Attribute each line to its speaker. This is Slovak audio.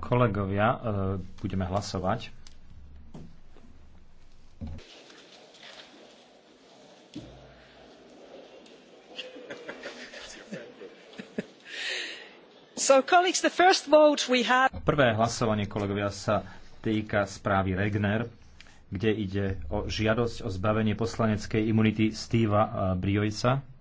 Speaker 1: Kolegovia, eh, budeme hlasovať.
Speaker 2: Prvé hlasovanie, kolegovia, sa týka správy Regner, kde ide o žiadosť o zbavenie poslaneckej imunity Steva eh, Briojsa.